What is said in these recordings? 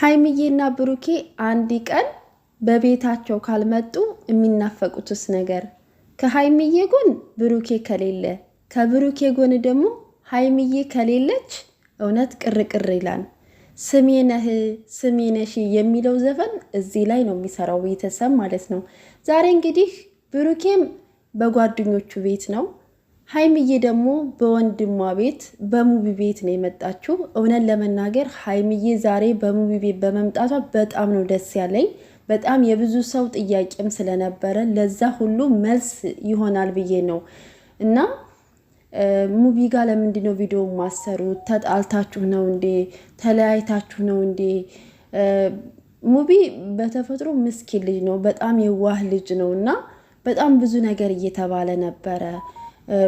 ሀይሚዬና ብሩኬ አንድ ቀን በቤታቸው ካልመጡ የሚናፈቁትስ ነገር ከሀይምዬ ጎን ብሩኬ ከሌለ ከብሩኬ ጎን ደግሞ ሀይምዬ ከሌለች እውነት ቅርቅር ይላል። ስሜነህ ስሜነሽ የሚለው ዘፈን እዚህ ላይ ነው የሚሰራው ቤተሰብ ማለት ነው። ዛሬ እንግዲህ ብሩኬም በጓደኞቹ ቤት ነው ሀይምዬ ደግሞ በወንድሟ ቤት በሙቢ ቤት ነው የመጣችው። እውነት ለመናገር ሀይምዬ ዛሬ በሙቢ ቤት በመምጣቷ በጣም ነው ደስ ያለኝ። በጣም የብዙ ሰው ጥያቄም ስለነበረ ለዛ ሁሉ መልስ ይሆናል ብዬ ነው እና ሙቢ ጋር ለምንድን ነው ቪዲዮ ማሰሩት? ተጣልታችሁ ነው እንዴ? ተለያይታችሁ ነው እንዴ? ሙቢ በተፈጥሮ ምስኪን ልጅ ነው፣ በጣም የዋህ ልጅ ነው እና በጣም ብዙ ነገር እየተባለ ነበረ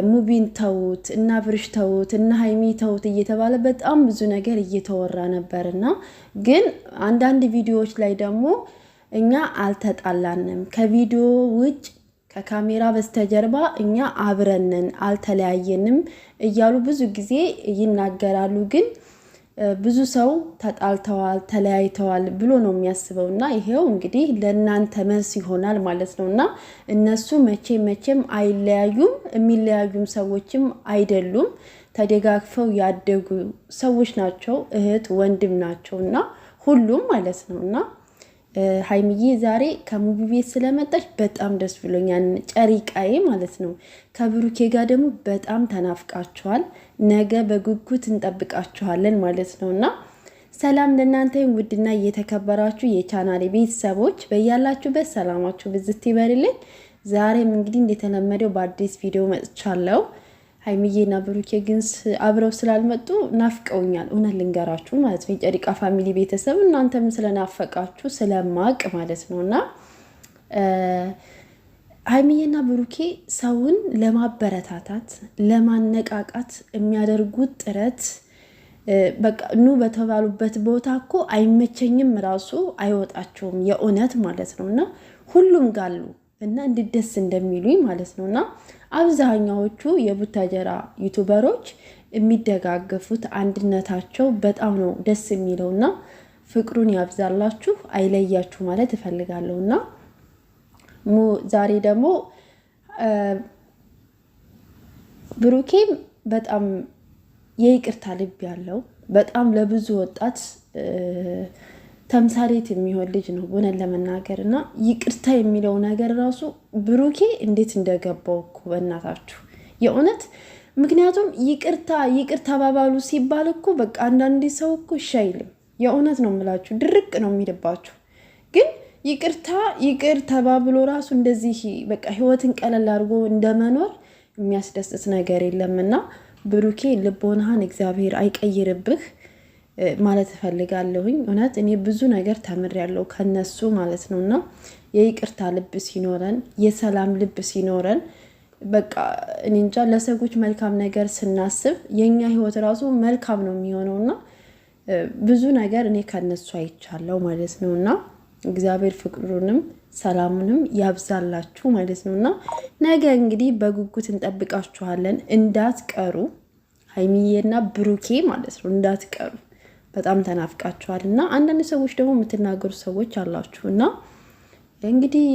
ሙቢን ተውት እና ብርሽ ተውት እና ሀይሚ ተውት እየተባለ በጣም ብዙ ነገር እየተወራ ነበር እና ግን አንዳንድ ቪዲዮዎች ላይ ደግሞ እኛ አልተጣላንም፣ ከቪዲዮ ውጭ ከካሜራ በስተጀርባ እኛ አብረንን አልተለያየንም እያሉ ብዙ ጊዜ ይናገራሉ ግን ብዙ ሰው ተጣልተዋል፣ ተለያይተዋል ብሎ ነው የሚያስበው እና ይሄው እንግዲህ ለእናንተ መልስ ይሆናል ማለት ነው እና እነሱ መቼ መቼም አይለያዩም፣ የሚለያዩም ሰዎችም አይደሉም። ተደጋግፈው ያደጉ ሰዎች ናቸው፣ እህት ወንድም ናቸው እና ሁሉም ማለት ነው እና ሀይሚዬ ዛሬ ከሙቢ ቤት ስለመጣች በጣም ደስ ብሎኛል። ጨሪቃዬ ማለት ነው። ከብሩኬ ጋር ደግሞ በጣም ተናፍቃችኋል። ነገ በጉጉት እንጠብቃችኋለን ማለት ነው እና ሰላም ለእናንተ ውድና እየተከበራችሁ የቻናሌ ቤተሰቦች በያላችሁበት ሰላማችሁ ብዝት ይበርልኝ። ዛሬም እንግዲህ እንደተለመደው በአዲስ ቪዲዮ መጥቻለሁ። ሀይሚዬና ብሩኬ ግን አብረው ስላልመጡ ናፍቀውኛል። እውነት ልንገራችሁ ማለት ነው የጨሪቃ ፋሚሊ ቤተሰብ እናንተም ስለናፈቃችሁ ስለማቅ ማለት ነው እና ሀይሚዬና ብሩኬ ሰውን ለማበረታታት ለማነቃቃት የሚያደርጉት ጥረት በቃ ኑ በተባሉበት ቦታ እኮ አይመቸኝም ራሱ አይወጣቸውም የእውነት ማለት ነው እና ሁሉም ጋሉ እና እንድደስ ደስ እንደሚሉኝ ማለት ነው። እና አብዛኛዎቹ የቡታጀራ ዩቱበሮች የሚደጋገፉት አንድነታቸው በጣም ነው ደስ የሚለው እና ፍቅሩን ያብዛላችሁ አይለያችሁ ማለት እፈልጋለሁ እና ዛሬ ደግሞ ብሩኬም በጣም የይቅርታ ልብ ያለው በጣም ለብዙ ወጣት ተምሳሌት የሚሆን ልጅ ነው እውነት ለመናገር እና ይቅርታ የሚለው ነገር ራሱ ብሩኬ እንዴት እንደገባው እኮ በእናታችሁ የእውነት ምክንያቱም ይቅርታ ይቅርታ ባባሉ ሲባል እኮ በቃ አንዳንድ ሰው እኮ እሺ አይልም። የእውነት ነው የምላችሁ፣ ድርቅ ነው የሚልባችሁ። ግን ይቅርታ ይቅር ተባብሎ ራሱ እንደዚህ በቃ ህይወትን ቀለል አድርጎ እንደመኖር የሚያስደስት ነገር የለምና ብሩኬ ልቦናህን እግዚአብሔር አይቀይርብህ። ማለት እፈልጋለሁኝ። እውነት እኔ ብዙ ነገር ተምሬያለሁ ከነሱ ማለት ነው። እና የይቅርታ ልብ ሲኖረን፣ የሰላም ልብ ሲኖረን በቃ እኔ እንጃ ለሰዎች መልካም ነገር ስናስብ የእኛ ህይወት ራሱ መልካም ነው የሚሆነው እና ብዙ ነገር እኔ ከነሱ አይቻለሁ ማለት ነው እና እግዚአብሔር ፍቅሩንም ሰላሙንም ያብዛላችሁ ማለት ነው እና ነገ እንግዲህ በጉጉት እንጠብቃችኋለን። እንዳትቀሩ ሀይሚዬና ብሩኬ ማለት ነው እንዳትቀሩ። በጣም ተናፍቃችኋል እና አንዳንድ ሰዎች ደግሞ የምትናገሩ ሰዎች አላችሁ እና እንግዲህ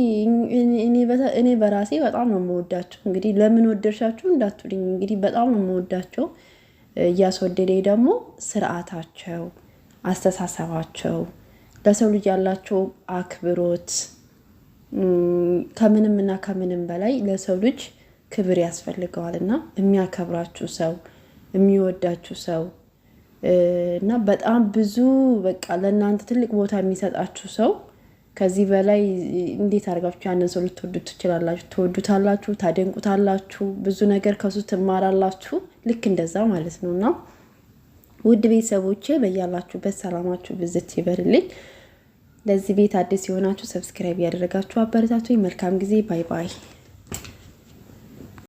እኔ በራሴ በጣም ነው የምወዳቸው። እንግዲህ ለምን ወደድሻችሁ እንዳትልኝ፣ እንግዲህ በጣም ነው የምወዳቸው። እያስወደደኝ ደግሞ ስርዓታቸው፣ አስተሳሰባቸው፣ ለሰው ልጅ ያላቸው አክብሮት፣ ከምንም እና ከምንም በላይ ለሰው ልጅ ክብር ያስፈልገዋል እና የሚያከብራችሁ ሰው የሚወዳችሁ ሰው እና በጣም ብዙ በቃ ለእናንተ ትልቅ ቦታ የሚሰጣችሁ ሰው ከዚህ በላይ እንዴት አድርጋችሁ ያንን ሰው ልትወዱ ትችላላችሁ? ትወዱታላችሁ፣ ታደንቁታላችሁ፣ ብዙ ነገር ከሱ ትማራላችሁ። ልክ እንደዛ ማለት ነው እና ውድ ቤተሰቦቼ በያላችሁበት ሰላማችሁ ብዝት ይበርልኝ። ለዚህ ቤት አዲስ የሆናችሁ ሰብስክራይብ ያደረጋችሁ አበረታቱኝ። መልካም ጊዜ። ባይ ባይ።